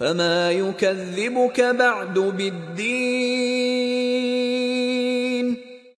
فما يكذبك بعد بالدين